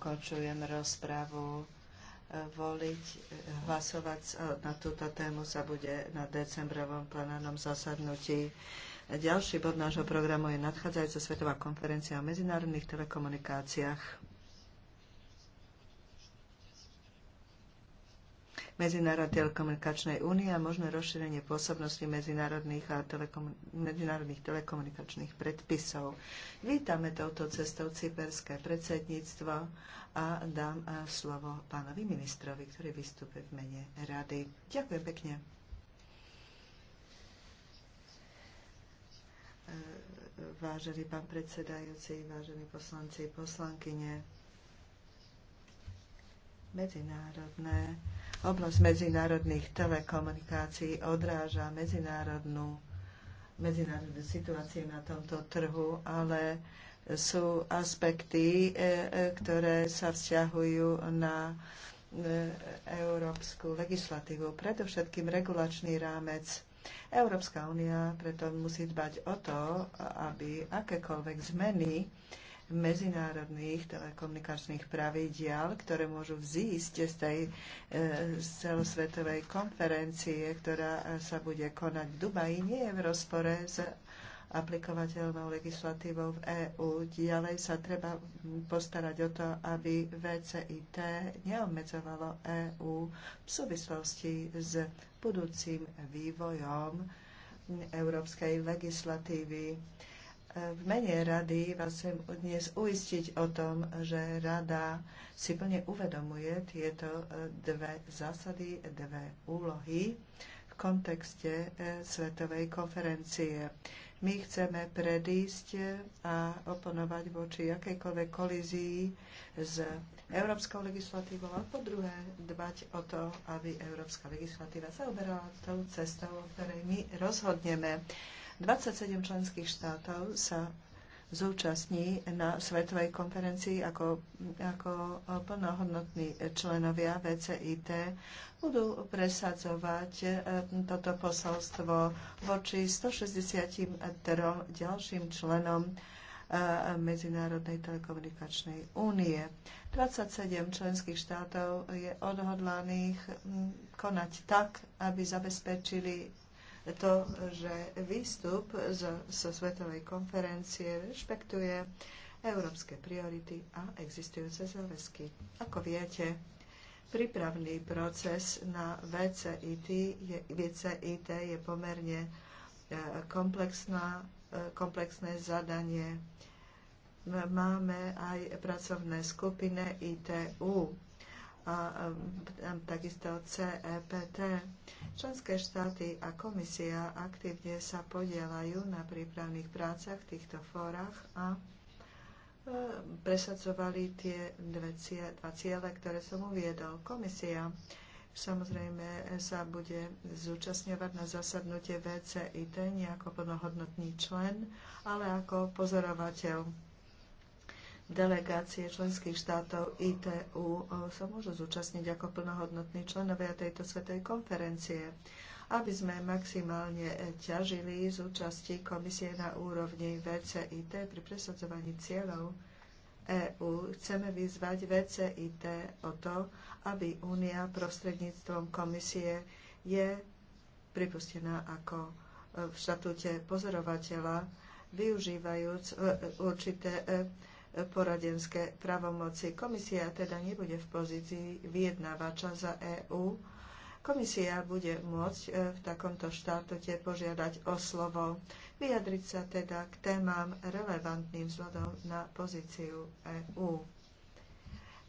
Končujem rozpravu. Voliť, hlasovať na túto tému sa bude na decembrovom plenárnom zasadnutí. Ďalší bod nášho programu je nadchádzajúca Svetová konferencia o medzinárodných telekomunikáciách. Medzinárodnej telekomunikačnej únie a možné rozšírenie pôsobnosti medzinárodných, a medzinárodných telekomunikačných predpisov. Vítame touto cestou cyperské predsedníctvo a dám eh, slovo pánovi ministrovi, ktorý vystúpi v mene rady. Ďakujem pekne. Eh, vážený pán predsedajúci, vážení poslanci, poslankyne, medzinárodné Oblasť medzinárodných telekomunikácií odráža medzinárodnú, medzinárodnú situáciu na tomto trhu, ale sú aspekty, e, e, ktoré sa vzťahujú na e, európsku legislatívu, predovšetkým regulačný rámec. Európska únia preto musí dbať o to, aby akékoľvek zmeny medzinárodných telekomunikačných pravidiel, ktoré môžu vzísť z tej e, celosvetovej konferencie, ktorá e, sa bude konať v Dubaji, nie je v rozpore s aplikovateľnou legislatívou v EÚ. Ďalej sa treba postarať o to, aby VCIT neobmedzovalo EÚ v súvislosti s budúcim vývojom európskej legislatívy v mene rady vás chcem dnes uistiť o tom, že rada si plne uvedomuje tieto eh, dve zásady, dve úlohy v kontekste eh, Svetovej konferencie. My chceme predísť eh, a oponovať voči akejkoľvek kolízii s európskou legislatívou a po druhé dbať o to, aby európska legislatíva sa oberala tou cestou, o ktorej my rozhodneme. 27 členských štátov sa zúčastní na svetovej konferencii ako, ako plnohodnotní členovia VCIT, budú presadzovať e, toto posolstvo voči 163 ďalším členom e, Medzinárodnej telekomunikačnej únie. 27 členských štátov je odhodlaných konať tak, aby zabezpečili to, že výstup zo, zo svetovej konferencie rešpektuje európske priority a existujúce záväzky. Ako viete, prípravný proces na VCIT je, VCIT je pomerne e, komplexná, e, komplexné zadanie. Máme aj pracovné skupiny ITU a takisto CEPT. Členské štáty a komisia aktívne sa podielajú na prípravných prácach v týchto fórach a e, presadzovali tie dve cie, dva ciele, ktoré som uviedol. Komisia samozrejme sa bude zúčastňovať na zasadnutie VCIT nie ako plnohodnotný člen, ale ako pozorovateľ delegácie členských štátov ITU e, sa môžu zúčastniť ako plnohodnotní členovia tejto svetej konferencie, aby sme maximálne e, ťažili z účasti komisie na úrovni VCIT pri presadzovaní cieľov EÚ. Chceme vyzvať VCIT o to, aby Únia prostredníctvom komisie je pripustená ako e, v štatúte pozorovateľa, využívajúc určité poradenské pravomoci. Komisia teda nebude v pozícii vyjednávača za EÚ. Komisia bude môcť e, v takomto štátote požiadať o slovo, vyjadriť sa teda k témam relevantným vzhľadom na pozíciu EÚ.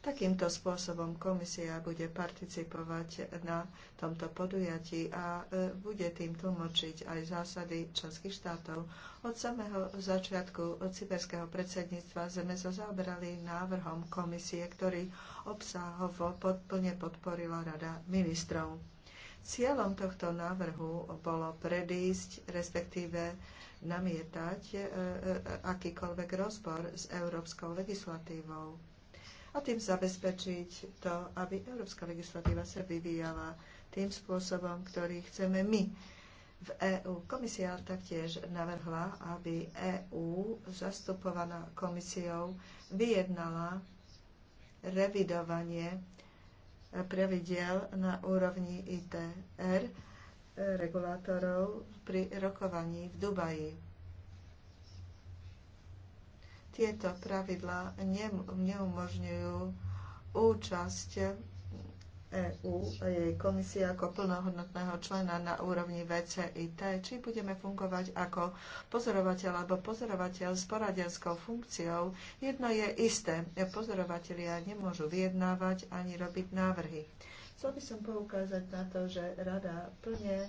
Takýmto spôsobom komisia bude participovať na tomto podujatí a e, bude tým tlmočiť aj zásady členských štátov. Od samého začiatku od cyberského predsedníctva sme sa zaoberali návrhom komisie, ktorý obsahovo plne podporila Rada ministrov. Cieľom tohto návrhu bolo predísť, respektíve namietať e, e, akýkoľvek rozpor s európskou legislatívou a tým zabezpečiť to, aby európska legislatíva sa vyvíjala tým spôsobom, ktorý chceme my v EÚ. Komisia taktiež navrhla, aby EÚ zastupovaná komisiou vyjednala revidovanie pravidel na úrovni ITR eh, regulátorov pri rokovaní v Dubaji tieto pravidlá neumožňujú účasť EÚ a jej komisie ako plnohodnotného člena na úrovni VCIT, či budeme fungovať ako pozorovateľ alebo pozorovateľ s poradenskou funkciou. Jedno je isté, pozorovatelia nemôžu vyjednávať ani robiť návrhy. Chcel by som poukázať na to, že rada plne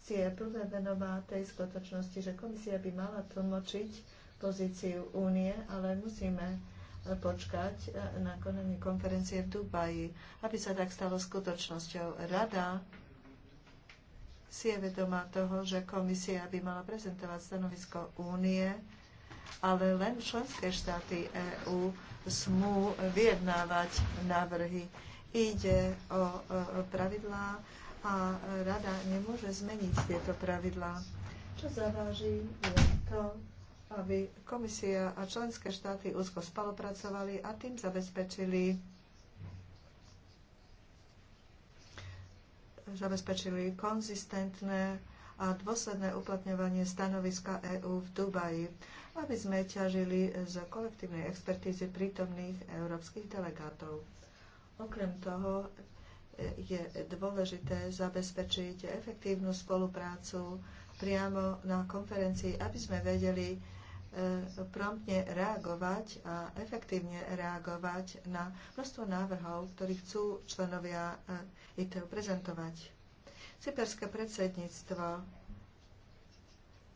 si je plne venová tej skutočnosti, že komisia by mala tlmočiť pozíciu únie, ale musíme e, počkať e, na konanie konferencie v Dubaji, aby sa tak stalo skutočnosťou. Rada si je vedomá toho, že komisia by mala prezentovať stanovisko únie, ale len členské štáty EÚ smú vyjednávať návrhy. Ide o e, pravidlá a rada nemôže zmeniť tieto pravidlá. Čo zaváži je to, aby komisia a členské štáty úzko spolupracovali a tým zabezpečili zabezpečili konzistentné a dôsledné uplatňovanie stanoviska EÚ v Dubaji, aby sme ťažili z kolektívnej expertízy prítomných európskych delegátov. Okrem toho je dôležité zabezpečiť efektívnu spoluprácu priamo na konferencii, aby sme vedeli, E, promptne reagovať a efektívne reagovať na množstvo návrhov, ktorí chcú členovia e, ITU prezentovať. Cyperské predsedníctvo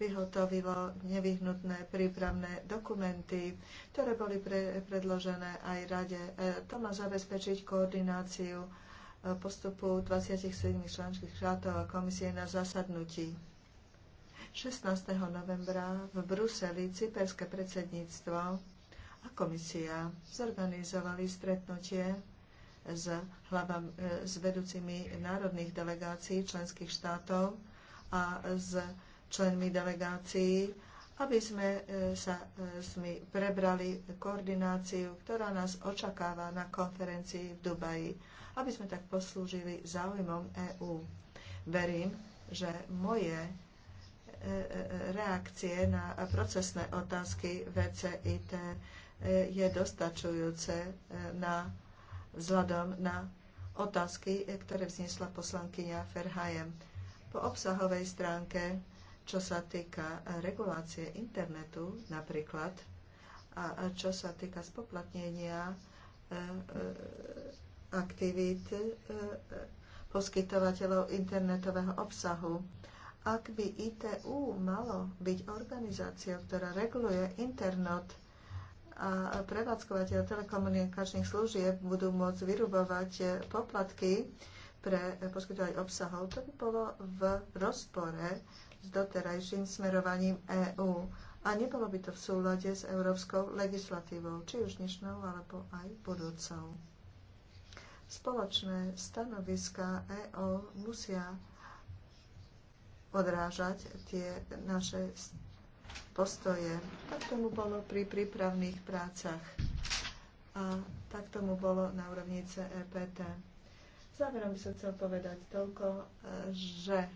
vyhotovilo nevyhnutné prípravné dokumenty, ktoré boli pre, predložené aj rade. E, to má zabezpečiť koordináciu postupu 27 členských štátov a komisie na zasadnutí 16. novembra v Bruseli cyperské predsedníctvo a komisia zorganizovali stretnutie s, hlavami, e, s vedúcimi národných delegácií členských štátov a s členmi delegácií, aby sme e, sa sme prebrali koordináciu, ktorá nás očakáva na konferencii v Dubaji, aby sme tak poslúžili záujmom EÚ. Verím, že moje reakcie na procesné otázky VCIT e, je dostačujúce e, na, vzhľadom na otázky, e, ktoré vznesla poslankyňa Ferhajem. Po obsahovej stránke, čo sa týka regulácie internetu napríklad, a čo sa týka spoplatnenia aktivít poskytovateľov internetového obsahu, ak by ITU malo byť organizáciou, ktorá reguluje internet a prevádzkovateľ telekomunikačných služieb budú môcť vyrubovať eh, poplatky pre eh, poskytovanie obsahov, to by bolo v rozpore s doterajším smerovaním EÚ a nebolo by to v súlade s európskou legislatívou, či už dnešnou alebo aj budúcou. Spoločné stanoviska EÚ musia odrážať tie naše postoje. Tak tomu bolo pri prípravných prácach a tak tomu bolo na úrovni CEPT. Záverom by som chcel povedať toľko, že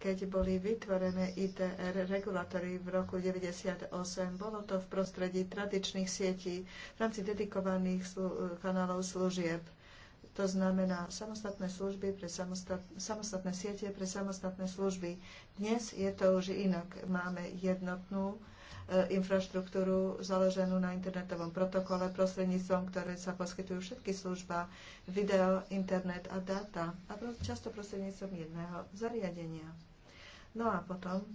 keď boli vytvorené ITR regulatory v roku 1998. Bolo to v prostredí tradičných sietí v rámci dedikovaných slu- kanálov služieb. To znamená samostatné služby pre samostat, samostatné siete pre samostatné služby. Dnes je to už inak. Máme jednotnú e, infraštruktúru založenú na internetovom protokole, prostredníctvom ktoré sa poskytujú všetky služba, video, internet a dáta, a často prostredníctvom jedného zariadenia. No a potom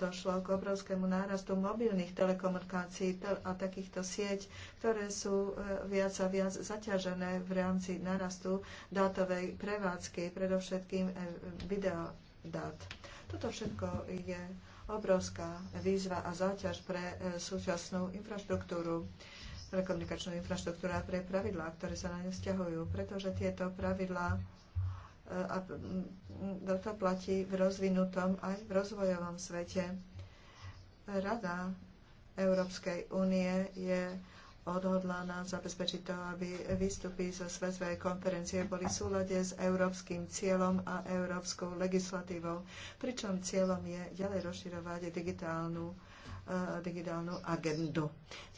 došlo k obrovskému nárastu mobilných telekomunikácií a takýchto sieť, ktoré sú e, viac a viac zaťažené v rámci nárastu dátovej prevádzky, predovšetkým e, videodát. Toto všetko je obrovská výzva a záťaž pre e, súčasnú infraštruktúru telekomunikačnú infraštruktúru a pre pravidlá, ktoré sa na ňu vzťahujú, pretože tieto pravidlá a to platí v rozvinutom aj v rozvojovom svete. Rada Európskej únie je odhodlaná zabezpečiť to, aby výstupy zo svetovej konferencie boli v súlade s európskym cieľom a európskou legislatívou, pričom cieľom je ďalej rozširovať digitálnu, eh, digitálnu agendu.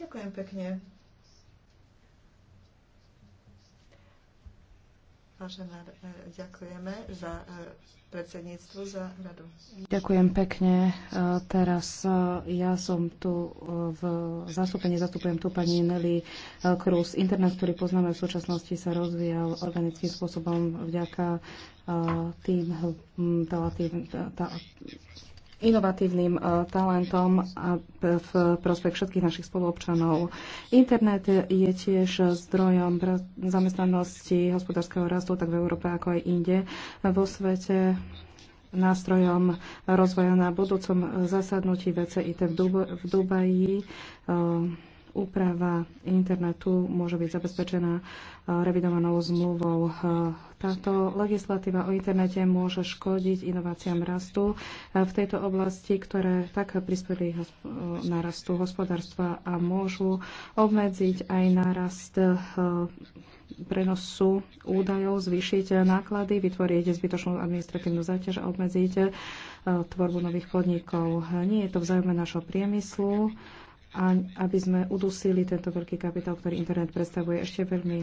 Ďakujem pekne. Vážená, e, ďakujeme za e, predsedníctvo, za radu. Ďakujem pekne. E, teraz ja som tu v zastúpení, zastupujem tu pani Nelly Cruz. Internet, ktorý poznáme v súčasnosti, sa rozvíjal organickým spôsobom vďaka tým, hm, teda tým, tým, tým inovatívnym e, talentom a v prospech všetkých našich spoluobčanov. Internet je tiež zdrojom zamestnanosti hospodárskeho rastu tak v Európe ako aj inde vo svete nástrojom rozvoja na budúcom zasadnutí VCIT v, Dub- v Dubaji. E, úprava internetu môže byť zabezpečená e, revidovanou zmluvou. E, táto legislatíva o internete môže škodiť inováciám rastu e, v tejto oblasti, ktoré tak prispeli na rastu hospodárstva a môžu obmedziť aj narast prenosu údajov, zvýšiť náklady, vytvoriť zbytočnú administratívnu záťaž a obmedziť tvorbu nových podnikov. Nie je to v našho priemyslu a aby sme udusili tento veľký kapitál, ktorý internet predstavuje. Ešte veľmi,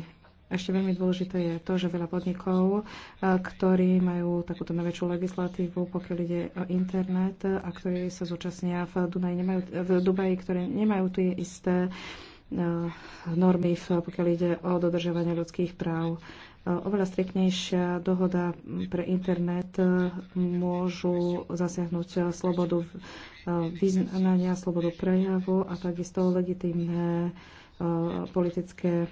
ešte veľmi dôležité je to, že veľa podnikov, ktorí majú takúto najväčšiu legislatívu, pokiaľ ide o internet a ktorí sa zúčastnia v, Dunaji, nemajú, v Dubaji, ktoré nemajú tie isté normy, pokiaľ ide o dodržovanie ľudských práv. Oveľa striknejšia dohoda pre internet môžu zasiahnuť slobodu vyznania, slobodu prejavu a takisto legitimné eh, politické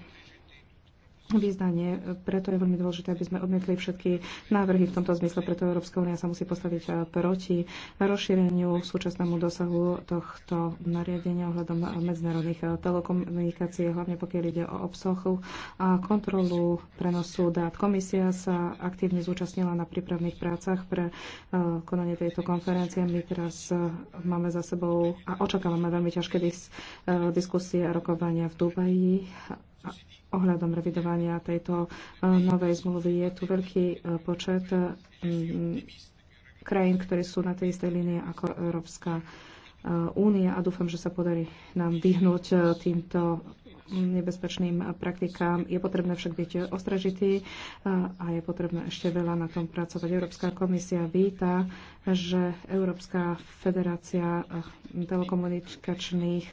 význanie. Preto je veľmi dôležité, aby sme odmietli všetky návrhy v tomto zmysle. Preto Európska únia sa musí postaviť eh, proti rozšíreniu súčasnému dosahu tohto nariadenia ohľadom medzinárodných eh, telekomunikácií, hlavne pokiaľ ide o obsahu a kontrolu prenosu dát. Komisia sa aktívne zúčastnila na prípravných prácach pre eh, konanie tejto konferencie. My teraz máme za sebou a očakávame veľmi ťažké dis- diskusie a rokovania v Dubaji ohľadom revidovania tejto e, novej zmluvy. Je tu veľký e, počet krajín, ktoré sú na tej istej línii ako Európska e, únia a dúfam, že sa podarí nám vyhnúť týmto nebezpečným praktikám. Je potrebné však byť ostražitý a je potrebné ešte veľa na tom pracovať. Európska komisia víta, že Európska federácia telekomunikačných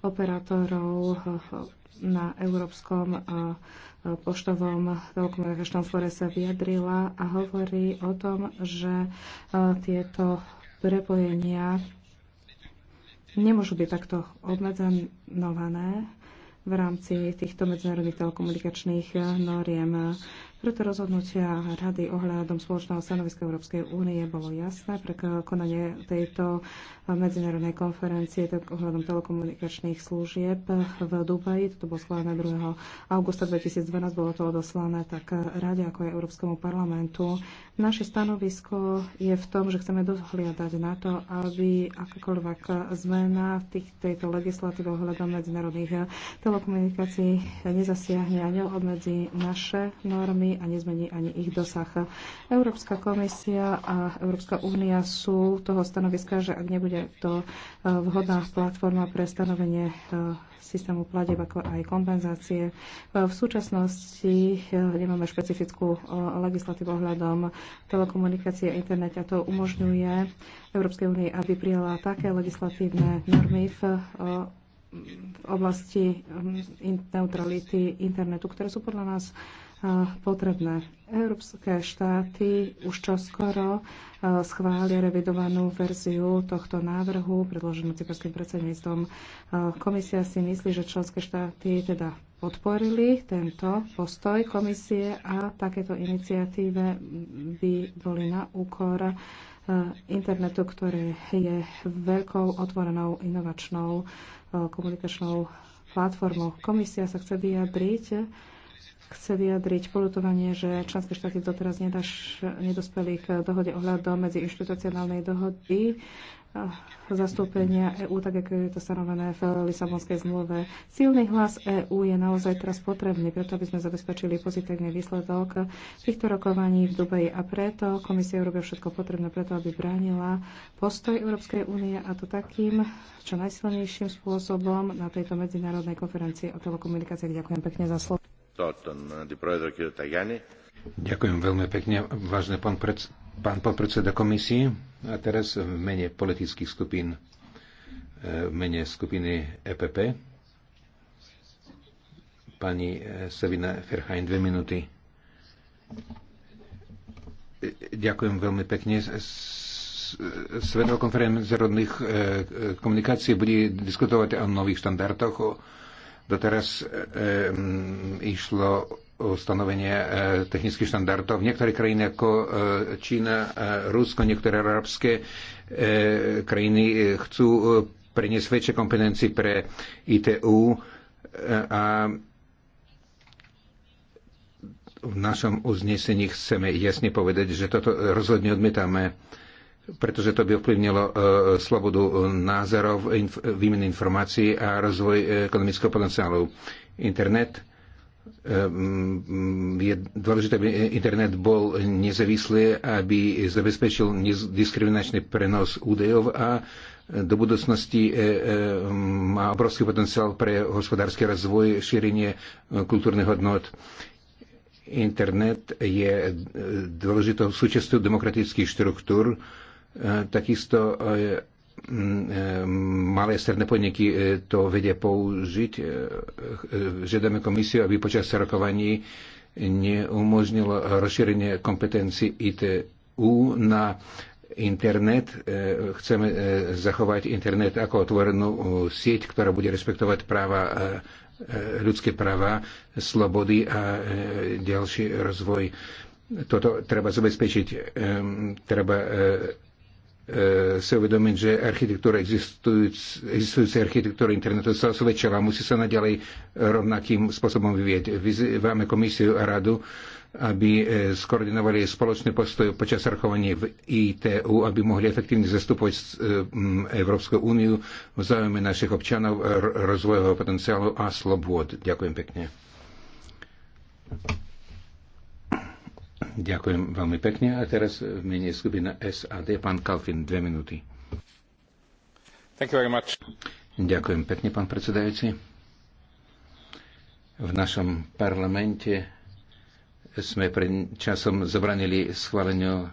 operátorov na Európskom poštovom telekomunikačnom fóre sa vyjadrila a hovorí o tom, že tieto prepojenia nemôžu byť takto obmedzenované v rámci týchto medzinárodných telekomunikačných noriem. Preto rozhodnutia rady ohľadom spoločného stanoviska Európskej únie bolo jasné pre konanie tejto medzinárodnej konferencie tak ohľadom telekomunikačných služieb v Dubaji. Toto bolo schválené 2. augusta 2012, bolo to odoslané tak rade ako aj Európskemu parlamentu. Naše stanovisko je v tom, že chceme dohliadať na to, aby akákoľvek zmena v tých, tejto legislatíve ohľadom medzinárodných telekomunikácií nezasiahne a neobmedzí naše normy a nezmení ani ich dosah. Európska komisia a Európska únia sú toho stanoviska, že ak nebude to e, vhodná platforma pre stanovenie e, systému pladeb ako aj kompenzácie. E, v súčasnosti nemáme špecifickú legislatívu ohľadom telekomunikácie a internet a to umožňuje Európskej únii, aby prijala také legislatívne normy v v oblasti neutrality internetu, ktoré sú podľa nás potrebné. Európske štáty už čoskoro schvália revidovanú verziu tohto návrhu, predloženú cyperským predsedníctvom. Komisia si myslí, že členské štáty teda podporili tento postoj komisie a takéto iniciatíve by boli na úkor internetu, ktoré je veľkou otvorenou inovačnou komunikačnou platformou. Komisia sa chce vyjadriť chce vyjadriť polutovanie, že členské štáty doteraz nedáš, nedospeli k dohode ohľadom medzi inštitucionálnej dohody zastúpenia EÚ, tak ako je to stanovené v Lisabonskej zmluve. Silný hlas EÚ je naozaj teraz potrebný, preto aby sme zabezpečili pozitívny výsledok týchto rokovaní v Dubaji a preto komisia urobí všetko potrebné preto, aby bránila postoj Európskej únie a to takým čo najsilnejším spôsobom na tejto medzinárodnej konferencii o telekomunikáciách. Ďakujem pekne za slovo. Ďakujem veľmi pekne, vážne pán, pred, pán podpredseda komisie. A teraz v mene politických skupín, e, v mene skupiny EPP, pani e, Sevina Ferhajn, dve minúty. E, ďakujem veľmi pekne. Svetová konferencia rodných komunikácií bude diskutovať o nových štandardoch, Doteraz e, išlo o stanovenie e, technických štandardov. Niektoré krajiny ako e, Čína, Rusko, niektoré arabské krajiny chcú preniesť väčšie kompetencie pre ITU a v našom uznesení chceme jasne povedať, že toto rozhodne odmietame pretože to by ovplyvnilo e, slobodu e, názorov, inf- výmeny informácií a rozvoj e, ekonomického potenciálu. Internet je dôležité, aby internet bol nezávislý, aby zabezpečil diskriminačný prenos údajov a do budúcnosti má obrovský potenciál pre hospodársky rozvoj, šírenie kultúrnych hodnot. Internet je dôležitou súčasťou demokratických štruktúr, Takisto e, e, malé stredné podniky e, to vedia použiť. Žiadame komisiu, aby počas rokovaní neumožnilo rozšírenie kompetencií ITU na internet. Chceme zachovať internet ako otvorenú sieť, ktorá bude respektovať práva ľudské práva, slobody a ďalší rozvoj. Toto treba zabezpečiť, treba E, si uvedomiť, že architektúra existujúc, existujúca architektúra internetu sa osvedčila, musí sa naďalej rovnakým spôsobom vyvieť. Vyzývame komisiu a radu, aby e, skoordinovali spoločný postoj počas rokovania v ITU, aby mohli efektívne zastupovať e, Európsku úniu v záujme našich občanov, rozvojového potenciálu a slobôd. Ďakujem pekne. Ďakujem veľmi pekne. A teraz v mene skupina SAD, pán Kalfin, dve minúty. Thank you very much. Ďakujem pekne, pán predsedajúci. V našom parlamente sme pred časom zabranili schváleniu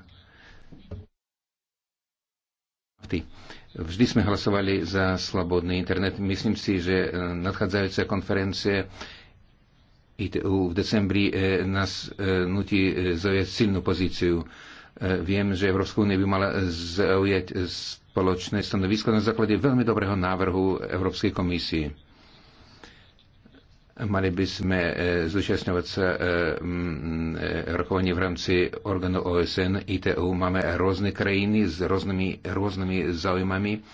Vždy sme hlasovali za slobodný internet. Myslím si, že nadchádzajúce konferencie ITU v decembri e, nás e, nutí e, zaujať silnú pozíciu. Viem, že Európska únia by mala zaujať spoločné stanovisko na základe veľmi dobrého návrhu Európskej komisie. Mali by sme zúčastňovať sa rokovanie v rámci orgánu OSN, ITU. Máme rôzne krajiny s rôznymi, rôznymi zaujímami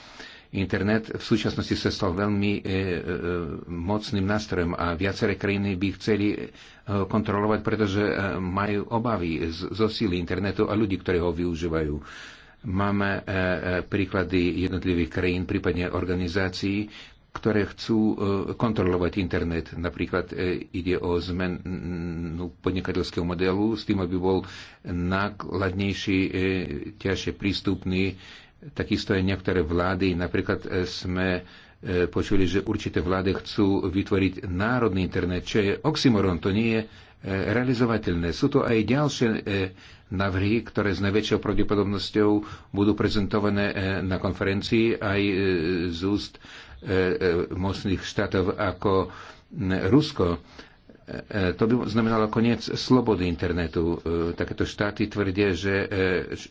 Internet v súčasnosti sa stal veľmi e, e, mocným nástrojom a viaceré krajiny by chceli e, kontrolovať, pretože e, majú obavy z, zo síly internetu a ľudí, ktorí ho využívajú. Máme e, e príklady jednotlivých krajín, prípadne organizácií, ktoré chcú e, kontrolovať internet. Napríklad ide o zmenu podnikateľského modelu s tým, aby bol nákladnejší, ťažšie prístupný Takisto aj niektoré vlády, napríklad e, sme e, počuli, že určité vlády chcú vytvoriť národný internet, čo je oxymoron, to nie je e, realizovateľné. Sú to aj ďalšie navrhy, ktoré s najväčšou pravdepodobnosťou budú prezentované na konferencii aj z úst mocných štátov ako Rusko. E, e, to by znamenalo koniec slobody internetu. E, takéto štáty tvrdia, že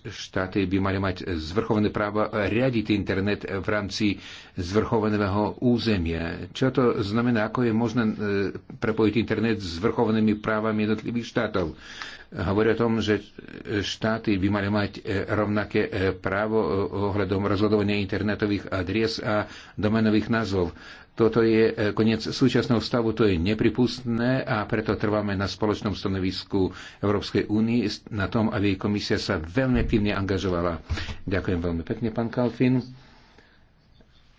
štáty by mali mať zvrchované právo riadiť internet v rámci zvrchovaného územia. Čo to znamená? Ako je možné prepojiť internet s zvrchovanými právami jednotlivých štátov? Hovorí o tom, že štáty by mali mať rovnaké právo ohľadom rozhodovania internetových adries a domenových názvov. Toto je e, koniec súčasného stavu, to je nepripustné a preto trváme na spoločnom stanovisku Európskej únie na tom, aby komisia sa veľmi aktívne angažovala. Ďakujem veľmi pekne, pán Kalfin.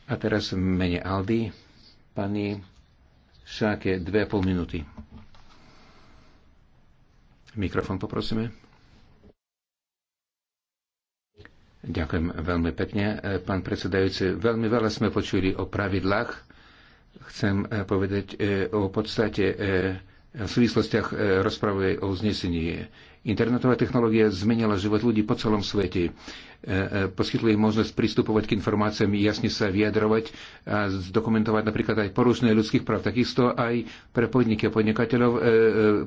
A teraz v mene Aldy, pani Šáke, dve a pol minúty. Mikrofón poprosíme. Ďakujem veľmi pekne, e, pán predsedajúci. Veľmi veľa sme počuli o pravidlách Chcem e, povedať e, o podstate e, v súvislostiach rozpravy o uznesení Internetová technológie zmenila život ľudí po celom svete. E, e, poskytli im možnosť pristupovať k informáciám, jasne sa vyjadrovať a zdokumentovať napríklad aj porušenie ľudských práv. Takisto aj pre podniky a podnikateľov e,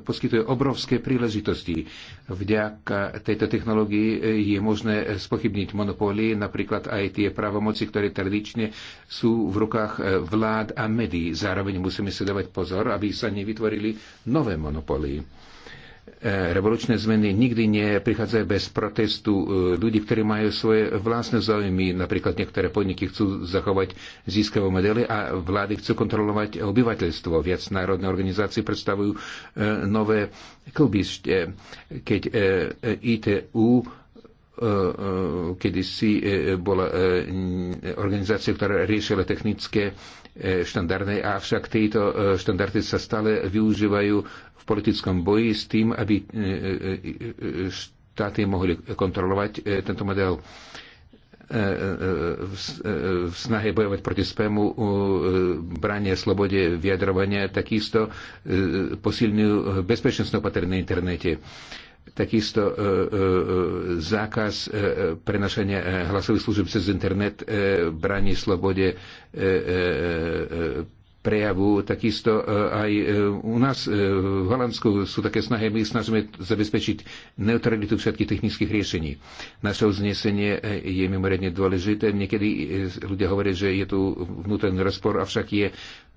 poskytuje obrovské príležitosti. Vďaka tejto technológii je možné spochybniť monopóly, napríklad aj tie právomoci, ktoré tradične sú v rukách vlád a médií. Zároveň musíme si dávať pozor, aby sa nevytvorili nové monopóly E, revolučné zmeny nikdy neprichádzajú bez protestu e, ľudí, ktorí majú svoje vlastné záujmy. Napríklad niektoré podniky chcú zachovať získavé modely a vlády chcú kontrolovať obyvateľstvo. Viac národné organizácie predstavujú e, nové klubište, keď ITU E, e, kedysi e, bola organizácia, ktorá riešila technické štandardy, avšak tieto štandardy sa stále využívajú v politickom boji s tým, aby štáty mohli kontrolovať tento model v snahe bojovať proti spému, branie slobode vyjadrovania, takisto posilňujú bezpečnostné opatrenie na internete takisto e, e, e, zákaz prenašania hlasových služieb cez internet bráni slobode prejavu. Takisto aj u nás v Holandsku sú také snahy, my snažíme zabezpečiť neutralitu všetkých technických riešení. Naše uznesenie je mimoriadne dôležité. Niekedy ľudia hovoria, že je tu vnútorný rozpor, avšak je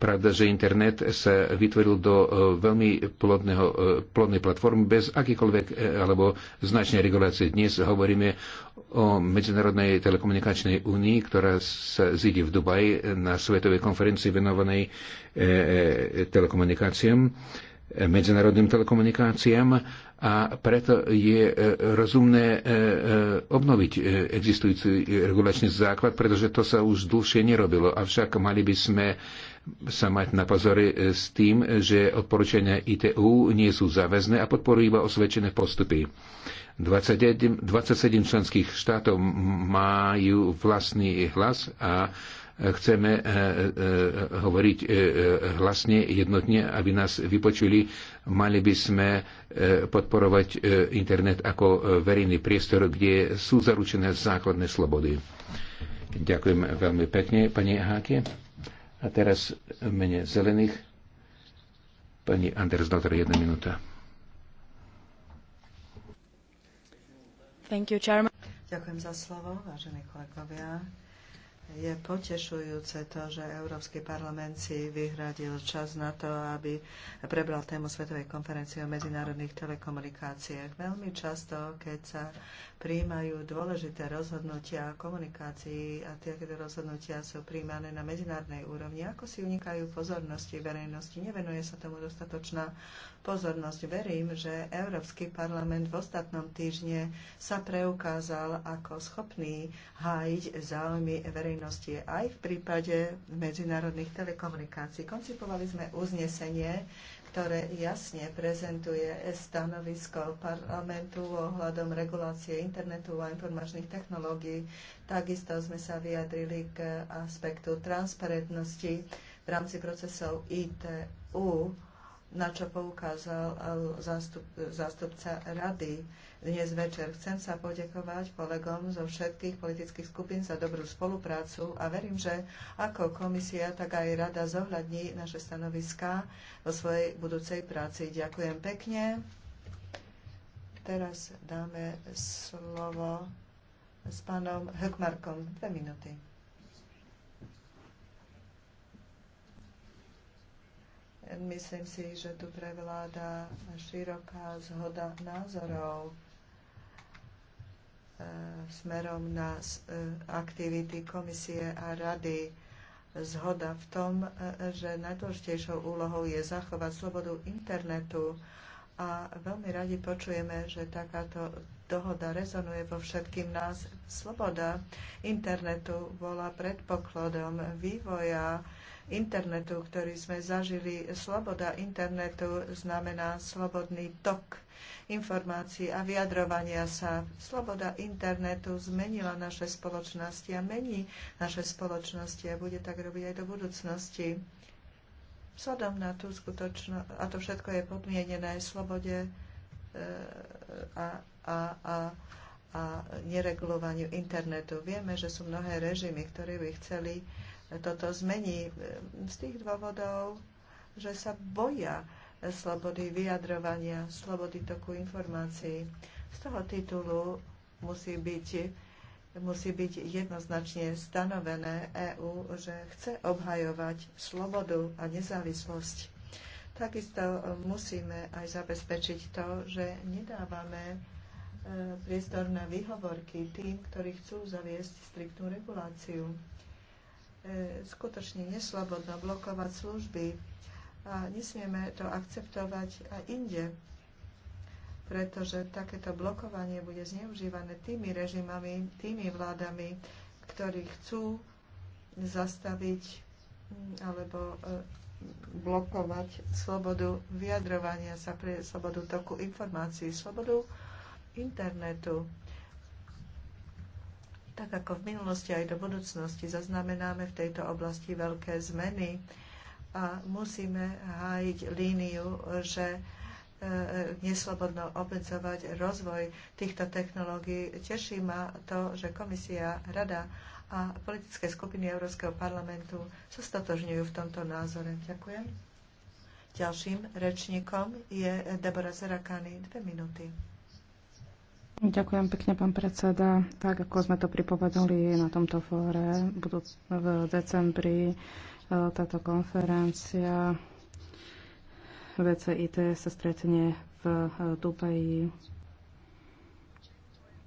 Pravda, že internet sa vytvoril do e, veľmi plodného, e, plodnej platformy bez akýkoľvek e, alebo značnej regulácie. Dnes hovoríme o Medzinárodnej telekomunikačnej únii, ktorá sa zíde v Dubaji na svetovej konferencii venovanej telekomunikáciám medzinárodným telekomunikáciám a preto je rozumné obnoviť existujúci regulačný základ, pretože to sa už dlhšie nerobilo. Avšak mali by sme sa mať na pozore e, s tým, že odporúčania ITU nie sú záväzné a podporujú iba osvedčené postupy. 27 členských štátov majú vlastný hlas a e, chceme e, hovoriť hlasne, jednotne, aby nás vypočuli. Mali by sme podporovať internet ako verejný priestor, kde sú zaručené základné slobody. Ďakujem veľmi pekne, pani Háke. A teraz v mene zelených pani Anders Dotter, jedna minúta. Thank you, Ďakujem za slovo, vážení kolegovia. Je potešujúce to, že Európsky parlament si vyhradil čas na to, aby prebral tému Svetovej konferencie o medzinárodných telekomunikáciách. Veľmi často, keď sa príjmajú dôležité rozhodnutia o komunikácii a tieto rozhodnutia sú príjmané na medzinárodnej úrovni, ako si unikajú pozornosti verejnosti, nevenuje sa tomu dostatočná pozornosť. Verím, že Európsky parlament v ostatnom týždne sa preukázal ako schopný hájiť záujmy verejnosti povinnosti aj v prípade medzinárodných telekomunikácií. Koncipovali sme uznesenie, ktoré jasne prezentuje stanovisko parlamentu ohľadom regulácie internetu a informačných technológií. Takisto sme sa vyjadrili k aspektu transparentnosti v rámci procesov ITU na čo poukázal eh, zástup, zástupca rady dnes večer. Chcem sa podekovať kolegom zo všetkých politických skupín za dobrú spoluprácu a verím, že ako komisia, tak aj rada zohľadní naše stanoviská vo svojej budúcej práci. Ďakujem pekne. Teraz dáme slovo s pánom Hökmarkom. Dve minúty. Myslím si, že tu prevláda široká zhoda názorov eh, smerom na eh, aktivity komisie a rady zhoda v tom, eh, že najdôležitejšou úlohou je zachovať slobodu internetu a veľmi radi počujeme, že takáto dohoda rezonuje vo všetkým nás. Sloboda internetu bola predpokladom vývoja internetu, ktorý sme zažili. Sloboda internetu znamená slobodný tok informácií a vyjadrovania sa. Sloboda internetu zmenila naše spoločnosti a mení naše spoločnosti a bude tak robiť aj do budúcnosti. Vzhľadom na tú skutočnosť, a to všetko je podmienené slobode e, a, a, a, a neregulovaniu internetu. Vieme, že sú mnohé režimy, ktoré by chceli uh, toto zmení z tých dôvodov, že sa boja slobody vyjadrovania, slobody toku informácií. Z toho titulu musí byť, musí byť jednoznačne stanovené EÚ, že chce obhajovať slobodu a nezávislosť. Takisto musíme aj zabezpečiť to, že nedávame e, priestor na výhovorky tým, ktorí chcú zaviesť striktnú reguláciu. E, skutočne neslobodno blokovať služby a nesmieme to akceptovať aj inde, pretože takéto blokovanie bude zneužívané tými režimami, tými vládami, ktorí chcú zastaviť mm, alebo e, blokovať slobodu vyjadrovania sa pre slobodu toku informácií, slobodu internetu tak ako v minulosti aj do budúcnosti zaznamenáme v tejto oblasti veľké zmeny a musíme hájiť líniu, že e, neslobodno obmedzovať rozvoj týchto technológií. Teší ma to, že komisia, rada a politické skupiny Európskeho parlamentu sa stotožňujú v tomto názore. Ďakujem. Ďalším rečníkom je Debora Zerakany. Dve minúty. Ďakujem pekne, pán predseda. Tak, ako sme to pripovedali na tomto fóre, budú v decembri e, táto konferencia VCIT sa stretne v e, Dubaji.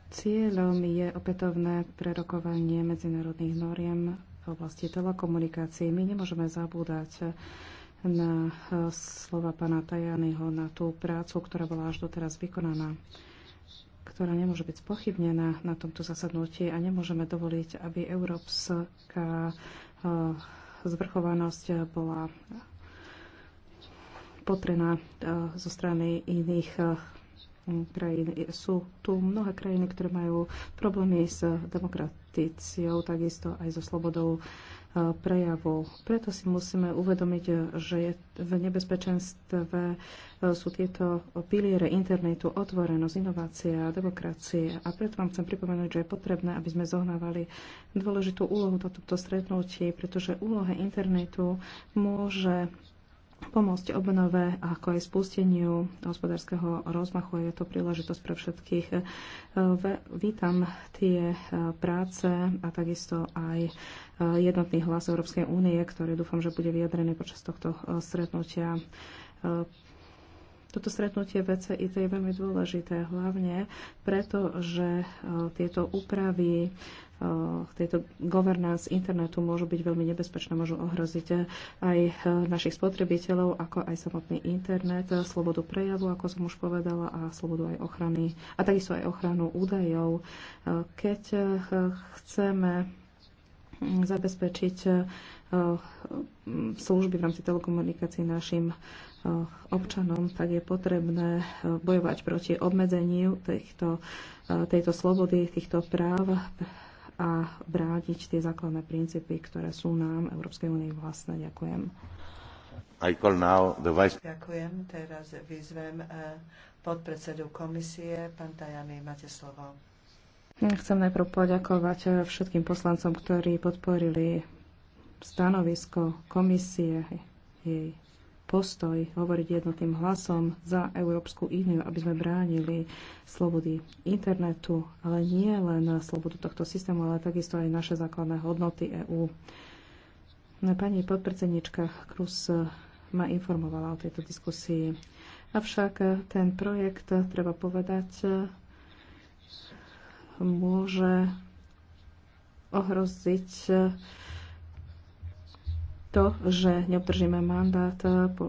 Cieľom je opätovné prerokovanie medzinárodných noriem v oblasti telekomunikácií. My nemôžeme zabúdať na e, slova pana Tajanyho, na tú prácu, ktorá bola až doteraz vykonaná ktorá nemôže byť spochybnená na tomto zasadnutí a nemôžeme dovoliť, aby európska eh, zvrchovanosť bola potrená eh, zo strany iných eh, krajín. Sú tu mnohé krajiny, ktoré majú problémy s demokraticiou, takisto aj so slobodou E, prejavu. Preto si musíme uvedomiť, že je v nebezpečenstve e, sú tieto piliere internetu, otvorenosť, inovácia, demokracie. A preto vám chcem pripomenúť, že je potrebné, aby sme zohnávali dôležitú úlohu na stretnutie, pretože úloha internetu môže pomôcť obnove ako aj spusteniu hospodárskeho rozmachu. Je to príležitosť pre všetkých. E, vítam tie e, práce a takisto aj e, jednotný hlas Európskej únie, ktorý dúfam, že bude vyjadrený počas tohto stretnutia. Toto stretnutie VCIT e je veľmi dôležité, hlavne preto, že e, tieto úpravy e, tejto governance internetu môžu byť veľmi nebezpečné, môžu ohroziť aj našich spotrebiteľov, ako aj samotný internet, slobodu prejavu, ako som už povedala, a slobodu aj ochrany, a takisto aj ochranu údajov. Keď chceme zabezpečiť služby v rámci telekomunikácií našim Eh, občanom, tak je potrebné eh, bojovať proti obmedzeniu týchto, eh, tejto slobody, týchto práv a brániť tie základné princípy, ktoré sú nám Európskej únii vlastné. Ďakujem. I call now the vice... Ďakujem. Teraz vyzvem podpredsedu komisie. Pán Tajany, máte slovo. Chcem najprv poďakovať všetkým poslancom, ktorí podporili stanovisko komisie, jej postoj, hovoriť jednotným hlasom za Európsku úniu, aby sme bránili slobody internetu, ale nie len slobodu tohto systému, ale takisto aj naše základné hodnoty EÚ. No, pani podpredsednička Krus eh, ma informovala o tejto diskusii. Avšak eh, ten projekt, eh, treba povedať, môže ohroziť to, že neobdržíme mandát eh, eh,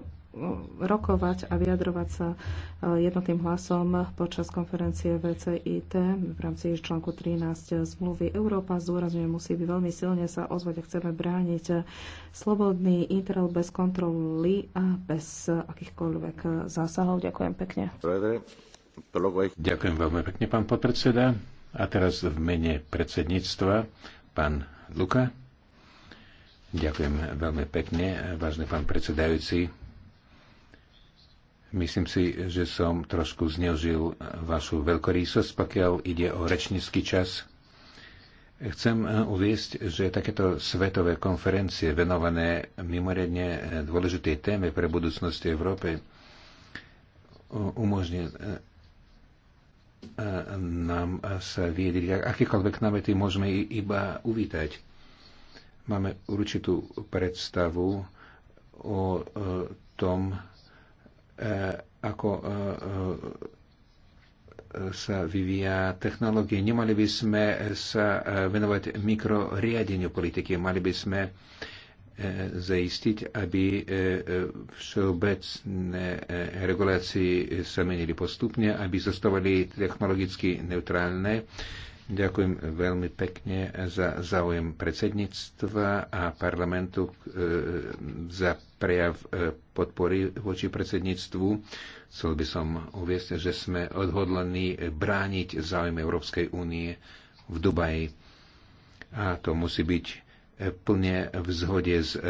rokovať a vyjadrovať sa eh, jednotným hlasom počas konferencie VCIT v rámci článku 13 zmluvy Európa. Zdôrazňuje, musí by veľmi silne sa ozvať a chceme brániť slobodný Interel bez kontroly a bez akýchkoľvek zásahov. Ďakujem pekne. Ďakujem veľmi pekne, pán podpredseda. A teraz v mene predsedníctva pán Luka. Ďakujem veľmi pekne, vážny pán predsedajúci. Myslím si, že som trošku zneužil vašu veľkorýsosť, pokiaľ ide o rečnícky čas. Chcem uviesť, že takéto svetové konferencie venované mimoriadne dôležitej téme pre budúcnosť Európy umožní nám sa viedriť. Akékoľvek námety môžeme iba uvítať Máme určitú predstavu o e, tom, e, ako e, sa vyvíja technológie. Nemali by sme sa venovať mikroriadeniu politiky. Mali by sme zaistiť, aby všeobecné regulácie sa menili postupne, aby zostávali technologicky neutrálne Ďakujem veľmi pekne za záujem predsedníctva a parlamentu e, za prejav e, podpory voči predsedníctvu. Chcel by som uviesť, že sme odhodlení brániť záujem Európskej únie v Dubaji. A to musí byť e, plne v zhode s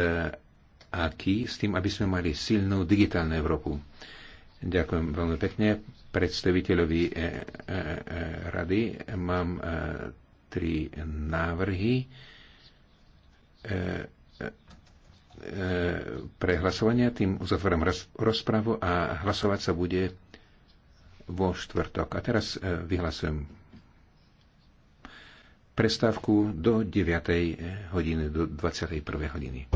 AKI, s tým, aby sme mali silnú digitálnu Európu. Ďakujem veľmi pekne predstaviteľovi e, e, e, rady. Mám tri návrhy pre hlasovania. Tým uzatvorím rozpravu a hlasovať sa bude vo štvrtok. A teraz vyhlasujem prestávku do 9. hodiny, do 21. hodiny.